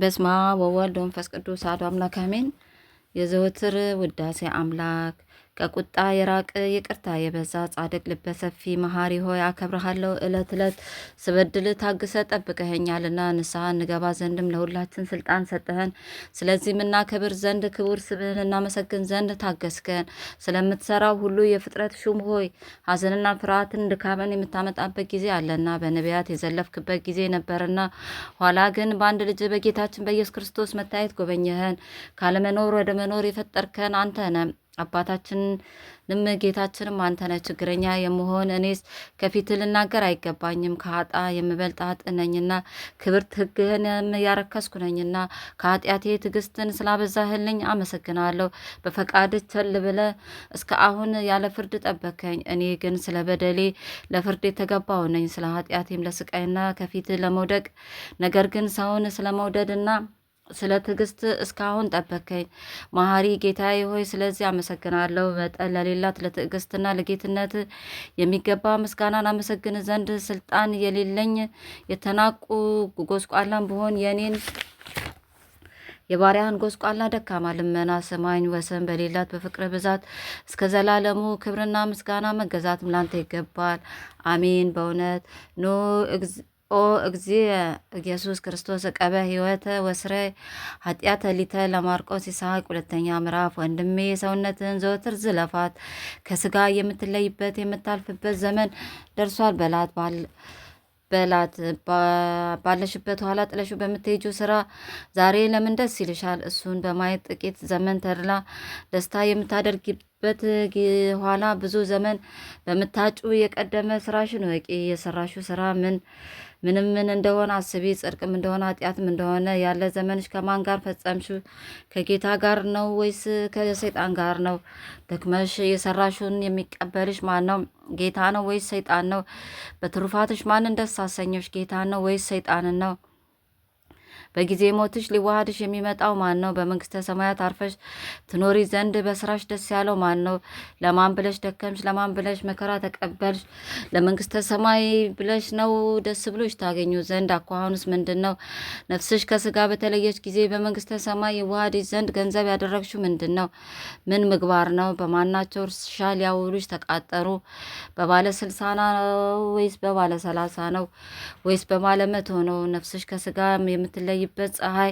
በስማ ወወልድ ወንፈስ ቅዱስ አሐዱ አምላክ አሜን። የዘወትር ውዳሴ አምላክ ከቁጣ የራቅ ይቅርታ የበዛ ጻድቅ ልበ ሰፊ መሐሪ ሆይ አከብረሃለሁ። እለት እለት ስበድል ታግሰ ጠብቀኸኛልና ንስሐ እንገባ ዘንድም ለሁላችን ስልጣን ሰጠህን። ስለዚህም እናከብር ዘንድ ክቡር ስብህን እናመሰግን ዘንድ ታገስከን። ስለምትሰራው ሁሉ የፍጥረት ሹም ሆይ ሐዘንና ፍርሃትን ድካምን የምታመጣበት ጊዜ አለና በነቢያት የዘለፍክበት ጊዜ ነበርና፣ ኋላ ግን በአንድ ልጅ በጌታችን በኢየሱስ ክርስቶስ መታየት ጎበኘህን። ካለመኖር ወደ መኖር የፈጠርከን አንተ ነህ። አባታችንም ጌታችንም አንተ ነህ ችግረኛ የመሆን እኔስ ከፊት ልናገር አይገባኝም። ከአጣ የምበልጥ አጥ ነኝና ክብርት ሕግህንም ያረከስኩ ነኝና ከኃጢአቴ ትዕግስትን ስላበዛህልኝ አመሰግናለሁ። በፈቃድ ቸል ብለ እስከ አሁን ያለ ፍርድ ጠበከኝ። እኔ ግን ስለ በደሌ ለፍርድ የተገባው ነኝ፣ ስለ ኃጢአቴም ለስቃይና ከፊት ለመውደቅ ነገር ግን ሰውን ስለ መውደድና ስለ ትዕግስት እስካሁን ጠበከኝ። መሐሪ ጌታዬ ሆይ ስለዚህ አመሰግናለሁ። መጠን ለሌላት ለትዕግስትና ለጌትነት የሚገባ ምስጋናን አመሰግን ዘንድ ስልጣን የሌለኝ የተናቁ ጎስቋላን ብሆን የኔን የባሪያህን ጎስቋላ ደካማ ልመና ስማኝ። ወሰን በሌላት በፍቅር ብዛት እስከ ዘላለሙ ክብርና ምስጋና መገዛትም ላንተ ይገባል። አሜን። በእውነት ኖ ኦ እግዚእ ኢየሱስ ክርስቶስ ቀበ ሕይወተ ወስረ ኃጢአተ ሊተ ለማርቆስ ይስሐቅ ሁለተኛ ምዕራፍ። ወንድሜ የሰውነትን ዘወትር ዝለፋት፣ ከስጋ የምትለይበት የምታልፍበት ዘመን ደርሷል በላት በላት ባለሽበት ኋላ ጥለሹ በምትሄጁ ስራ ዛሬ ለምን ደስ ይልሻል? እሱን በማየት ጥቂት ዘመን ተድላ ደስታ የምታደርግ በት ኋላ ብዙ ዘመን በምታጩ የቀደመ ስራሽን ወቂ። የሰራሹ ስራ ምን ምንም ምን እንደሆነ አስቢ፣ ጽድቅም እንደሆነ ኃጢአትም እንደሆነ። ያለ ዘመንሽ ከማን ጋር ፈጸምሽ? ከጌታ ጋር ነው ወይስ ከሰይጣን ጋር ነው? ደክመሽ የሰራሹን የሚቀበልሽ ማን ነው? ጌታ ነው ወይስ ሰይጣን ነው? በትሩፋትሽ ማንን ደስ አሰኘሽ? ጌታ ነው ወይስ ሰይጣንን ነው? በጊዜ ሞትሽ ሊዋሃድሽ የሚመጣው ማን ነው? በመንግስተ ሰማያት አርፈሽ ትኖሪ ዘንድ በስራሽ ደስ ያለው ማን ነው? ለማን ብለሽ ደከምሽ? ለማን ብለሽ መከራ ተቀበልሽ? ለመንግስተ ሰማይ ብለሽ ነው ደስ ብሎች ታገኙ ዘንድ። አኳኋኑስ ምንድን ነው? ነፍስሽ ከስጋ በተለየች ጊዜ በመንግስተ ሰማይ ይዋሃድሽ ዘንድ ገንዘብ ያደረግሹ ምንድን ነው? ምን ምግባር ነው? በማናቸው እርሻ ሊያውሉሽ ተቃጠሩ? በባለ ስልሳ ነው ወይስ በባለ ሰላሳ ነው ወይስ በባለ መቶ ነው? ነፍስሽ ከስጋ የምትለይ በሚታይበት ፀሐይ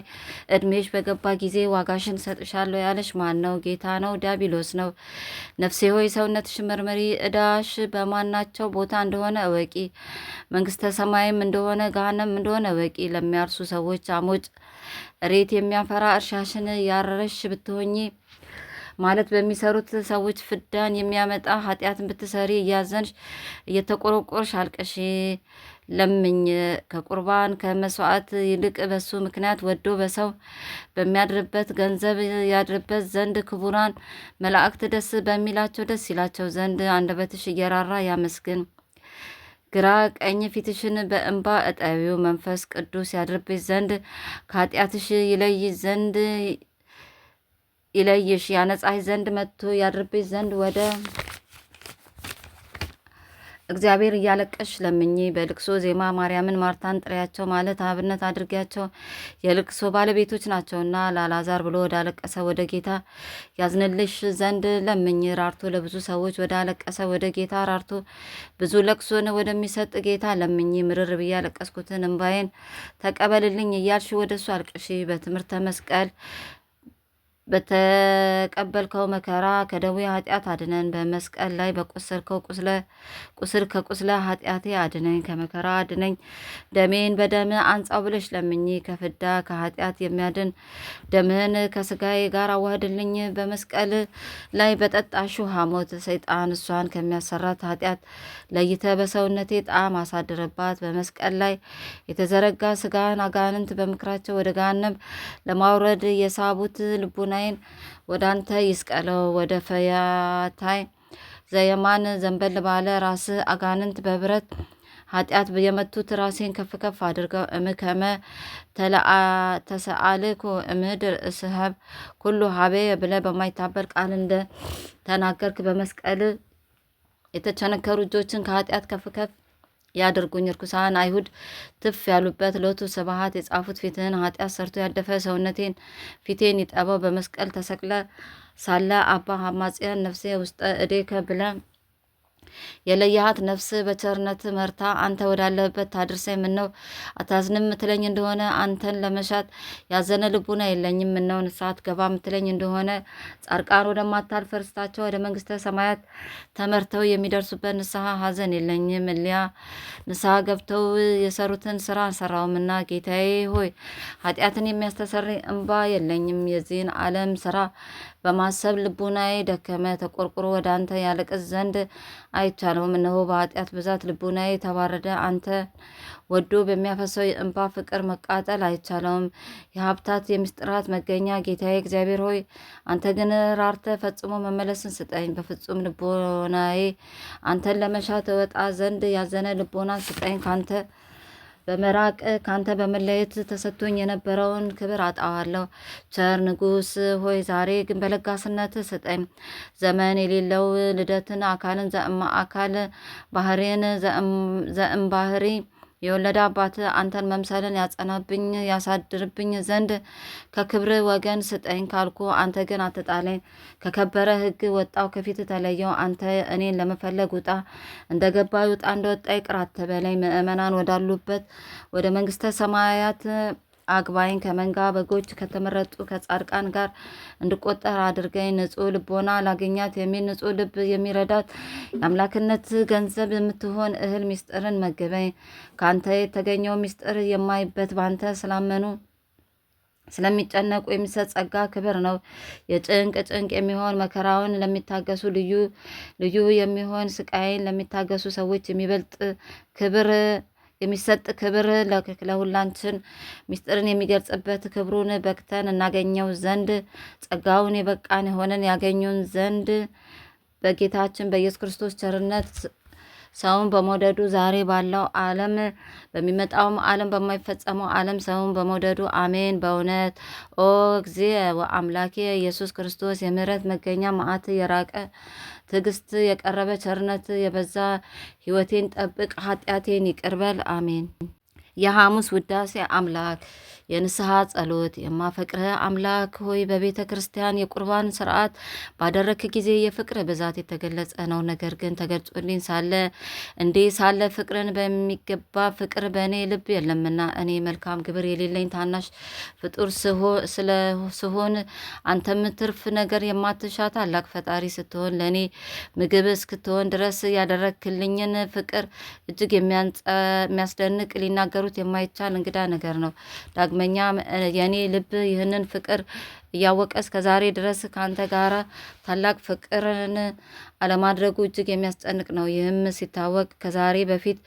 እድሜሽ በገባ ጊዜ ዋጋሽን ሰጥሻለሁ ያለሽ ማን ነው? ጌታ ነው? ዲያብሎስ ነው? ነፍሴ ሆይ ሰውነትሽ መርመሪ፣ እዳሽ በማናቸው ቦታ እንደሆነ እወቂ። መንግስተ ሰማይም እንደሆነ ገሃነም እንደሆነ እወቂ። ለሚያርሱ ሰዎች አሞጭ ሬት የሚያፈራ እርሻሽን ያረረሽ ብትሆኚ ማለት በሚሰሩት ሰዎች ፍዳን የሚያመጣ ኃጢአትን ብትሰሪ እያዘንሽ እየተቆረቆርሽ አልቀሽ ለምኝ ከቁርባን ከመስዋዕት ይልቅ በሱ ምክንያት ወዶ በሰው በሚያድርበት ገንዘብ ያድርበት ዘንድ ክቡራን መላእክት ደስ በሚላቸው ደስ ይላቸው ዘንድ አንደበትሽ እየራራ ያመስግን። ግራ ቀኝ ፊትሽን በእንባ እጠቢው መንፈስ ቅዱስ ያድርብሽ ዘንድ ከኃጢአትሽ ይለይ ዘንድ ይለይሽ ያነጻሽ ዘንድ መጥቶ ያድርብሽ ዘንድ ወደ እግዚአብሔር እያለቀሽ ለምኝ በልቅሶ ዜማ ማርያምን ማርታን ጥሪያቸው ማለት አብነት አድርጊያቸው የልቅሶ ባለቤቶች ናቸውና ላላዛር ብሎ ወዳለቀሰ ወደ ጌታ ያዝንልሽ ዘንድ ለምኝ ራርቶ ለብዙ ሰዎች ወዳለቀሰ ወደ ጌታ ራርቶ ብዙ ለቅሶን ወደሚሰጥ ጌታ ለምኝ ምርር ብያ ለቀስኩትን እምባዬን ተቀበልልኝ እያልሽ ወደ እሱ አልቅሺ በትምህርተ መስቀል በተቀበልከው መከራ ከደዌ ኃጢአት አድነን። በመስቀል ላይ በቆሰልከው ቁስል ከቁስለ ኃጢአቴ አድነኝ፣ ከመከራ አድነኝ። ደሜን በደም አንጻው ብለሽ ለምኚ። ከፍዳ ከኃጢአት የሚያድን ደምህን ከስጋዬ ጋር አዋህድልኝ። በመስቀል ላይ በጠጣሹ ሐሞት ሰይጣን እሷን ከሚያሰራት ኃጢአት ለይተ በሰውነቴ ጣዕም አሳድርባት። በመስቀል ላይ የተዘረጋ ስጋን አጋንንት በምክራቸው ወደ ጋነብ ለማውረድ የሳቡት ልቡና ሰማይን ወደ አንተ ይስቀለው ወደ ፈያታይ ዘየማን ዘንበል ባለ ራስህ አጋንንት በብረት ኃጢአት የመቱት ራሴን ከፍ ከፍ አድርገው እምከመ ተሰአልኩ እምድር እስሀብ ኩሉ ሀቤ ብለ በማይታበል ቃል እንደ ተናገርክ በመስቀል የተቸነከሩ እጆችን ከኃጢአት ከፍ ከፍ ያድርጉኝ እርኩሳን አይሁድ ትፍ ያሉበት ሎቱ ስብሐት የጻፉት ፊትህን ኃጢአት ሰርቶ ያደፈ ሰውነቴን ፊቴን ይጠበው በመስቀል ተሰቅለ ሳለ አባ አማጽያን ነፍሴ ውስጠ እዴከ ብለ የለየሃት ነፍስ በቸርነት መርታ አንተ ወዳለበት ታድርሰኝ። ምነው አታዝንም ምትለኝ እንደሆነ አንተን ለመሻት ያዘነ ልቡና የለኝም። ምነው ንስሐ ገባ ምትለኝ እንደሆነ ጻድቃን ወደማታልፍ ርስታቸው ወደ መንግስተ ሰማያት ተመርተው የሚደርሱበት ንስሐ ሀዘን የለኝም። እሊያ ንስሐ ገብተው የሰሩትን ስራ አንሰራውምና ጌታዬ ሆይ ኃጢአትን የሚያስተሰርይ እንባ የለኝም። የዚህን ዓለም ስራ በማሰብ ልቡናዬ ደከመ። ተቆርቁሮ ወደ አንተ ያለቅስ ዘንድ አይቻለውም። እነሆ በኃጢአት ብዛት ልቡና የተባረደ፣ አንተ ወዶ በሚያፈሰው የእንባ ፍቅር መቃጠል አይቻለውም። የሀብታት የምስጢራት መገኛ ጌታዬ እግዚአብሔር ሆይ አንተ ግን ራርተ ፈጽሞ መመለስን ስጠኝ። በፍጹም ልቦናዬ አንተን ለመሻት እወጣ ዘንድ ያዘነ ልቦና ስጠኝ። ካንተ በመራቅ ካንተ በመለየት ተሰጥቶኝ የነበረውን ክብር አጣዋለሁ። ቸር ንጉስ፣ ሆይ ዛሬ ግን በለጋስነት ስጠኝ። ዘመን የሌለው ልደትን አካልን ዘእማ አካል ባህሬን ዘእም ባህሪ የወለደ አባት አንተን መምሰልን ያጸናብኝ ያሳድርብኝ ዘንድ ከክብር ወገን ስጠኝ ካልኩ፣ አንተ ግን አትጣለኝ። ከከበረ ሕግ ወጣው ከፊት ተለየው። አንተ እኔን ለመፈለግ ውጣ፣ እንደ ገባ ውጣ፣ እንደወጣ ይቅር አትበለኝ። ምእመናን ወዳሉበት ወደ መንግስተ ሰማያት አግባይን ከመንጋ በጎች ከተመረጡ ከጻድቃን ጋር እንድቆጠር አድርገኝ። ንጹህ ልቦና ላገኛት የሚል ንጹህ ልብ የሚረዳት የአምላክነት ገንዘብ የምትሆን እህል ምስጢርን መገበኝ። ከአንተ የተገኘው ምስጢር የማይበት ባንተ ስላመኑ ስለሚጨነቁ የሚሰጥ ጸጋ ክብር ነው። የጭንቅ ጭንቅ የሚሆን መከራውን ለሚታገሱ ልዩ ልዩ የሚሆን ስቃይን ለሚታገሱ ሰዎች የሚበልጥ ክብር የሚሰጥ ክብር ለሁላችን ምስጢርን የሚገልጽበት ክብሩን በክተን እናገኘው ዘንድ ጸጋውን የበቃን የሆነን ያገኙን ዘንድ በጌታችን በኢየሱስ ክርስቶስ ቸርነት ሰውን በመውደዱ ዛሬ ባለው ዓለም በሚመጣውም ዓለም በማይፈጸመው ዓለም ሰውን በመውደዱ አሜን። በእውነት ኦ እግዚ ወአምላኬ ኢየሱስ ክርስቶስ የምረት መገኛ መዓት የራቀ ትዕግስት የቀረበ ቸርነት የበዛ ሕይወቴን ጠብቅ፣ ኃጢአቴን ይቅርበል። አሜን። የሐሙስ ውዳሴ አምላክ የንስሐ ጸሎት። የማፈቅረ አምላክ ሆይ በቤተ ክርስቲያን የቁርባን ስርዓት ባደረክ ጊዜ የፍቅር ብዛት የተገለጸ ነው። ነገር ግን ተገልጾልኝ ሳለ እንዴ ሳለ ፍቅርን በሚገባ ፍቅር በእኔ ልብ የለምና እኔ መልካም ግብር የሌለኝ ታናሽ ፍጡር ስለስሆን አንተም ትርፍ ነገር የማትሻ ታላቅ ፈጣሪ ስትሆን ለእኔ ምግብ እስክትሆን ድረስ ያደረክልኝን ፍቅር እጅግ የሚያስደንቅ ሊናገሩት የማይቻል እንግዳ ነገር ነው። ዳግመ ዳግመኛ የኔ ልብ ይህንን ፍቅር እያወቀ እስከ ዛሬ ድረስ ከአንተ ጋር ታላቅ ፍቅርን አለማድረጉ እጅግ የሚያስጨንቅ ነው። ይህም ሲታወቅ ከዛሬ በፊት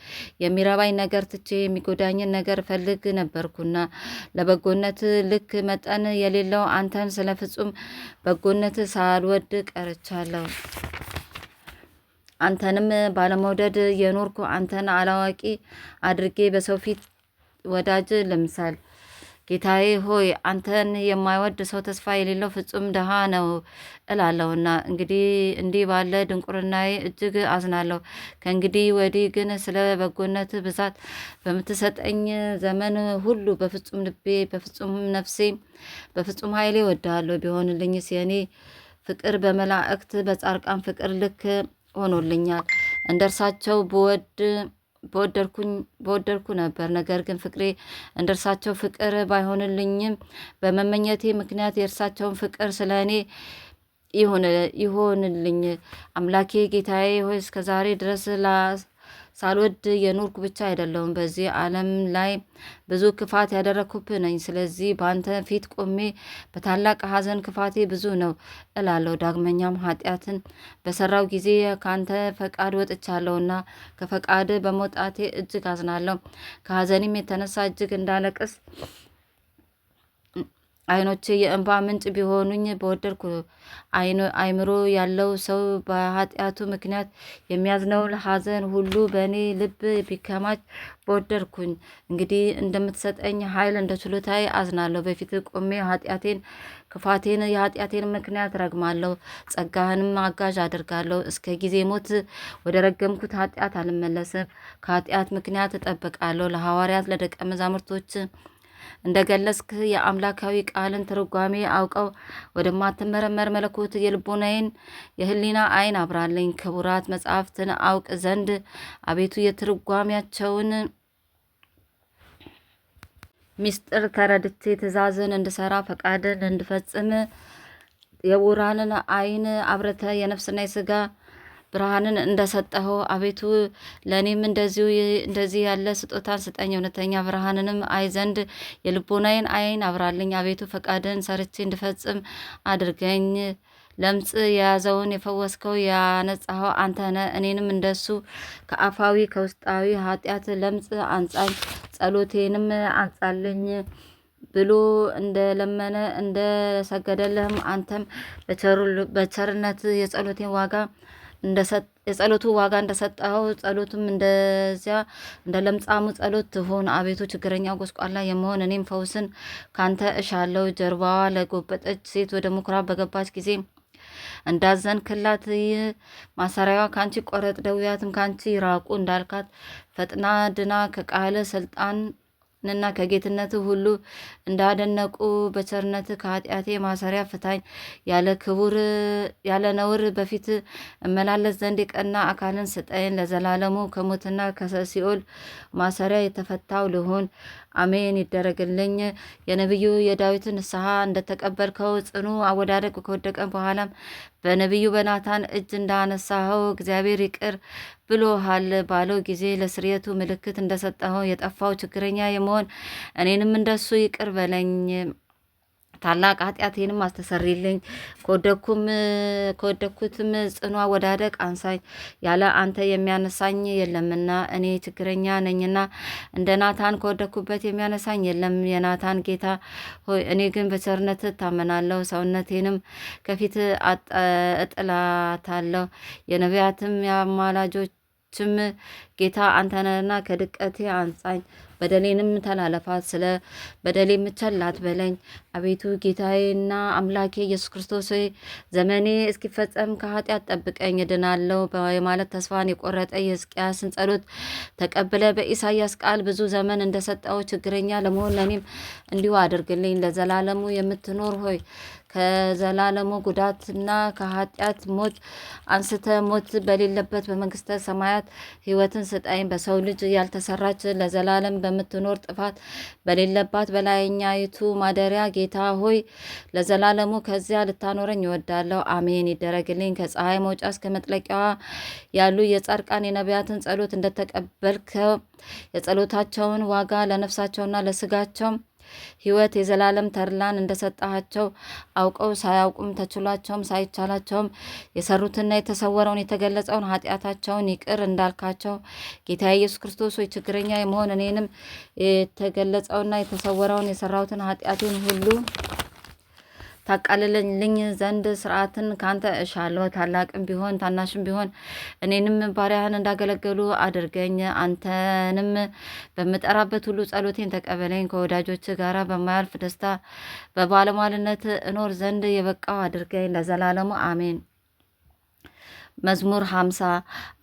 የሚረባኝ ነገር ትቼ የሚጎዳኝን ነገር ፈልግ ነበርኩና ለበጎነት ልክ መጠን የሌለው አንተን ስለ ፍጹም በጎነት ሳልወድ ቀርቻለሁ። አንተንም ባለመውደድ የኖርኩ አንተን አላዋቂ አድርጌ በሰው ፊት ወዳጅ ለምሳል ጌታዬ ሆይ አንተን የማይወድ ሰው ተስፋ የሌለው ፍጹም ድሃ ነው እላለሁና እንግዲህ እንዲህ ባለ ድንቁርናዬ እጅግ አዝናለሁ። ከእንግዲህ ወዲህ ግን ስለ በጎነት ብዛት በምትሰጠኝ ዘመን ሁሉ በፍጹም ልቤ፣ በፍጹም ነፍሴ፣ በፍጹም ኃይሌ ወዳለሁ። ቢሆንልኝስ የእኔ ፍቅር በመላእክት በጻርቃን ፍቅር ልክ ሆኖልኛል። እንደ እርሳቸው ብወድ በወደድኩኝ በወደድኩ ነበር። ነገር ግን ፍቅሬ እንደርሳቸው ፍቅር ባይሆንልኝም በመመኘቴ ምክንያት የእርሳቸውን ፍቅር ስለ እኔ ይሆንልኝ አምላኬ ጌታዬ ሆይ እስከ ዛሬ ድረስ ሳልወድ የኖርኩ ብቻ አይደለሁም፣ በዚህ ዓለም ላይ ብዙ ክፋት ያደረግኩብህ ነኝ። ስለዚህ በአንተ ፊት ቆሜ በታላቅ ሐዘን ክፋቴ ብዙ ነው እላለሁ። ዳግመኛም ኃጢአትን በሰራው ጊዜ ከአንተ ፈቃድ ወጥቻለሁና ከፈቃድ በመውጣቴ እጅግ አዝናለሁ። ከሐዘኔም የተነሳ እጅግ እንዳለቅስ አይኖቼ የእንባ ምንጭ ቢሆኑኝ በወደድኩ። አይምሮ ያለው ሰው በኃጢአቱ ምክንያት የሚያዝነውን ሐዘን ሁሉ በእኔ ልብ ቢከማች በወደድኩኝ። እንግዲህ እንደምትሰጠኝ ኃይል እንደ ችሎታዬ አዝናለሁ። በፊት ቆሜ ኃጢአቴን፣ ክፋቴን፣ የኃጢአቴን ምክንያት ረግማለሁ። ጸጋህንም አጋዥ አድርጋለሁ እስከ ጊዜ ሞት ወደ ረገምኩት ኃጢአት አልመለስም። ከኃጢአት ምክንያት እጠብቃለሁ። ለሐዋርያት ለደቀ መዛሙርቶች እንደገለጽክ የአምላካዊ ቃልን ትርጓሜ አውቀው ወደማትመረመር መለኮት የልቦናዬን የህሊና አይን አብራለኝ። ክቡራት መጽሐፍትን አውቅ ዘንድ አቤቱ የትርጓሜያቸውን ሚስጥር ተረድቼ ትእዛዝን እንድሰራ ፈቃድን እንድፈጽም የውራንን አይን አብረተ የነፍስና የስጋ ብርሃንን እንደሰጠኸው አቤቱ ለእኔም እንደዚሁ እንደዚህ ያለ ስጦታን ስጠኝ። እውነተኛ ብርሃንንም አይ ዘንድ የልቦናዬን አይን አብራልኝ። አቤቱ ፈቃድን ሰርቼ እንድፈጽም አድርገኝ። ለምጽ የያዘውን የፈወስከው ያነጻኸው አንተ ነህ። እኔንም እንደሱ ከአፋዊ ከውስጣዊ ኃጢአት ለምጽ አንጻኝ፣ ጸሎቴንም አንጻልኝ ብሎ እንደለመነ ሰገደልህም አንተም በቸርነት የጸሎቴን ዋጋ የጸሎቱ ዋጋ እንደሰጠው ጸሎቱም እንደዚያ እንደ ለምጻሙ ጸሎት ትሆን። አቤቱ ችግረኛ ጎስቋላ የመሆን እኔም ፈውስን ካንተ እሻለው። ጀርባዋ ለጎበጠች ሴት ወደ ምኩራብ በገባች ጊዜ እንዳዘን ክላት ይህ ማሰሪያዋ ካንቺ ቆረጥ፣ ደውያትም ካንቺ ራቁ እንዳልካት ፈጥና ድና ከቃለ ስልጣን ንና ከጌትነት ሁሉ እንዳደነቁ በቸርነት ከኃጢአቴ ማሰሪያ ፍታኝ፣ ያለ ክቡር ያለ ነውር በፊት እመላለስ ዘንድ ቀና አካልን ስጠኝ። ለዘላለሙ ከሞትና ከሲኦል ማሰሪያ የተፈታው ልሁን። አሜን ይደረግልኝ። የነቢዩ የዳዊትን ንስሐ እንደተቀበልከው ጽኑ አወዳደቅ ከወደቀ በኋላም በነቢዩ በናታን እጅ እንዳነሳኸው እግዚአብሔር ይቅር ብሎሃል ባለው ጊዜ ለስርየቱ ምልክት እንደሰጠኸው የጠፋው ችግረኛ የመሆን እኔንም እንደሱ ይቅር በለኝ። ታላቅ ኃጢአቴንም አስተሰሪልኝ ከወደኩም ከወደኩትም ጽኗ ወዳደቅ አንሳኝ፣ ያለ አንተ የሚያነሳኝ የለምና እኔ ችግረኛ ነኝና እንደ ናታን ከወደኩበት የሚያነሳኝ የለም። የናታን ጌታ ሆይ እኔ ግን በቸርነት እታመናለሁ፣ ሰውነቴንም ከፊት እጥላታለሁ። የነቢያትም የአማላጆች ችም ጌታ አንተነና ከድቀቴ አንጻኝ፣ በደሌንም ተላለፋት፣ ስለ በደሌም ቸላት በለኝ። አቤቱ ጌታዬና አምላኬ ኢየሱስ ክርስቶስ ዘመኔ እስኪፈጸም ከኃጢአት ጠብቀኝ፣ እድናለሁ የማለት ተስፋን የቆረጠ የሕዝቅያስን ጸሎት ተቀብለ በኢሳያስ ቃል ብዙ ዘመን እንደሰጠው ችግረኛ ለመሆን ለእኔም እንዲሁ አድርግልኝ። ለዘላለሙ የምትኖር ሆይ ከዘላለሙ ጉዳትና ከኃጢአት ሞት አንስተ ሞት በሌለበት በመንግስተ ሰማያት ህይወትን ስጠኝ። በሰው ልጅ ያልተሰራች ለዘላለም በምትኖር ጥፋት በሌለባት በላይኛይቱ ማደሪያ ጌታ ሆይ ለዘላለሙ ከዚያ ልታኖረኝ ይወዳለሁ። አሜን ይደረግልኝ። ከፀሐይ መውጫ እስከ መጥለቂያዋ ያሉ የጻድቃን የነቢያትን ጸሎት እንደተቀበልከው የጸሎታቸውን ዋጋ ለነፍሳቸውና ለስጋቸው ህይወት የዘላለም ተድላን እንደሰጣቸው አውቀው ሳያውቁም ተችሏቸውም ሳይቻላቸውም የሰሩትና የተሰወረውን የተገለጸውን ኃጢአታቸውን ይቅር እንዳልካቸው ጌታ ኢየሱስ ክርስቶስ ሆይ ችግረኛ የመሆን እኔንም የተገለጸውና የተሰወረውን የሰራሁትን ኃጢአቴን ሁሉ ታቃልለልኝ ዘንድ ስርዓትን ካንተ እሻለሁ። ታላቅም ቢሆን ታናሽም ቢሆን እኔንም ባሪያህን እንዳገለገሉ አድርገኝ። አንተንም በምጠራበት ሁሉ ጸሎቴን ተቀበለኝ። ከወዳጆች ጋር በማያልፍ ደስታ በባለሟልነት እኖር ዘንድ የበቃው አድርገኝ። ለዘላለሙ አሜን። መዝሙር ሀምሳ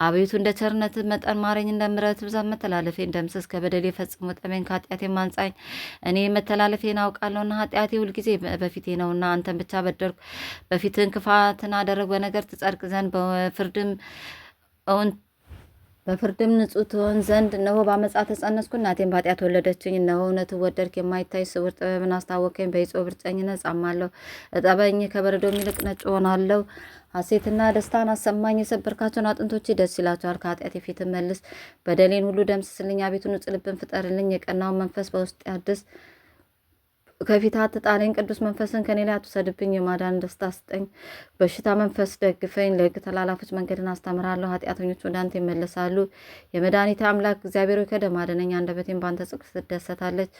አቤቱ እንደ ቸርነት መጠን ማረኝ፣ እንደ ምሕረት ብዛት መተላለፌን ደምስስ፣ ከበደሌ ፈጽሞ ጠበኝ፣ ከኃጢአቴ ማንጻኝ። እኔ መተላለፌን አውቃለሁና ኃጢአቴ ሁልጊዜ በፊቴ ነውና አንተን ብቻ በደርኩ በፊትን ክፋትን አደረግ፣ በነገር ትጸድቅ ዘንድ በፍርድም እውን በፍርድም ንጹህ ትሆን ዘንድ እነሆ በአመፃ ተጸነስኩ፣ እናቴም በኃጢአት ወለደችኝ። እነሆ እውነት ወደድክ፣ የማይታይ ስውር ጥበብን አስታወከኝ። በይጾ ብርጨኝ ነጻማለሁ፣ እጠበኝ፣ ከበረዶም ይልቅ ነጭ ሆናለሁ። ሐሴትና ደስታን አሰማኝ። የሰበርካቸውን አጥንቶች ደስ ይላቸዋል። ከኃጢአት የፊትን መልስ፣ በደሌን ሁሉ ደምስስልኝ። አቤቱ ንጹሕ ልብን ፍጠርልኝ። የቀናውን መንፈስ በውስጥ አድስ። ከፊት አትጣለኝ፣ ቅዱስ መንፈስን ከኔ ላይ አትውሰድብኝ፣ የማዳን ደስታ ስጠኝ። በሽታ መንፈስ ደግፈኝ። ለህግ ተላላፎች መንገድን አስተምራለሁ፣ ኃጢአተኞች ወደ አንተ ይመለሳሉ። የመድኃኒት አምላክ እግዚአብሔር ከደም አድነኝ፣ አንደበቴም በአንተ ጽድቅ ትደሰታለች።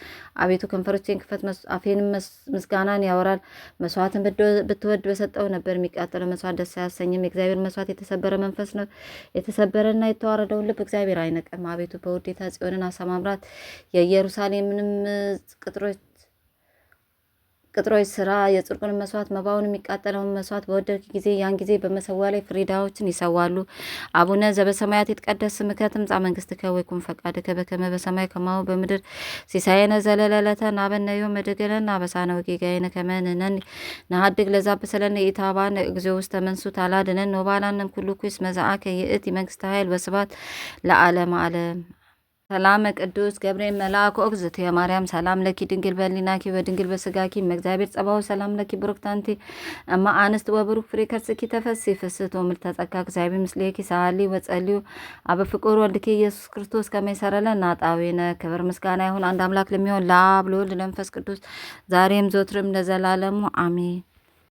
አቤቱ ከንፈሮቼን ክፈት፣ አፌንም ምስጋናን ያወራል። መስዋዕትን ብትወድ በሰጠው ነበር፣ የሚቃጠለው መስዋዕት ደስ አያሰኝም። የእግዚአብሔር መስዋዕት የተሰበረ መንፈስ ነው፣ የተሰበረና የተዋረደውን ልብ እግዚአብሔር አይነቅም። አቤቱ በውዴታ ጽዮንን አሰማምራት፣ የኢየሩሳሌምንም ቅጥሮች ቅጥሮች ስራ የጽርቁን መስዋዕት መባውን የሚቃጠለውን መስዋዕት በወደድክ ጊዜ ያን ጊዜ በመሰዊያ ላይ ፍሪዳዎችን ይሰዋሉ። አቡነ ዘበሰማያት ይትቀደስ ስምከ ትምጻእ መንግስትከ ወይኩን ፈቃድከ በከመ በሰማይ ከማሁ በምድር ሲሳየነ ዘለለዕለተ ሀበነ ዮም ወኅድገነ አበሳነ ወጌጋየነ ከመ ንሕነኒ ንኅድግ ለዘአበሰለነ ኢታባነ እግዚኦ ውስተ መንሱት አላድነን ኖባላንን ኩሉ ኩስ መዝአከ ይእቲ መንግስተ ኃይል ወስብሐት ለዓለመ ዓለም ሰላም ቅዱስ ገብርኤል መልአክ ኦግዝት ማርያም ሰላም ለኪ ድንግል በሊናኪ በድንግል በስጋኪ መግዚአብሔር ጸባው ሰላም ለኪ ብሩክታንቲ እማ አንስት ወብሩክ ፍሬ ከርስኪ ተፈሲ ፍስቶ ምልዕተ ጸጋ እግዚአብሔር ምስሌኪ ሳሊ ወጸልዩ አብ ፍቁር ወልድኪ ኢየሱስ ክርስቶስ ከመይ ሰረለ ናጣዊነ ክብር ምስጋና ይሁን አንድ አምላክ ለሚሆን ለአብ ለወልድ ለመንፈስ ቅዱስ ዛሬም ዘወትርም ለዘላለሙ አሜን።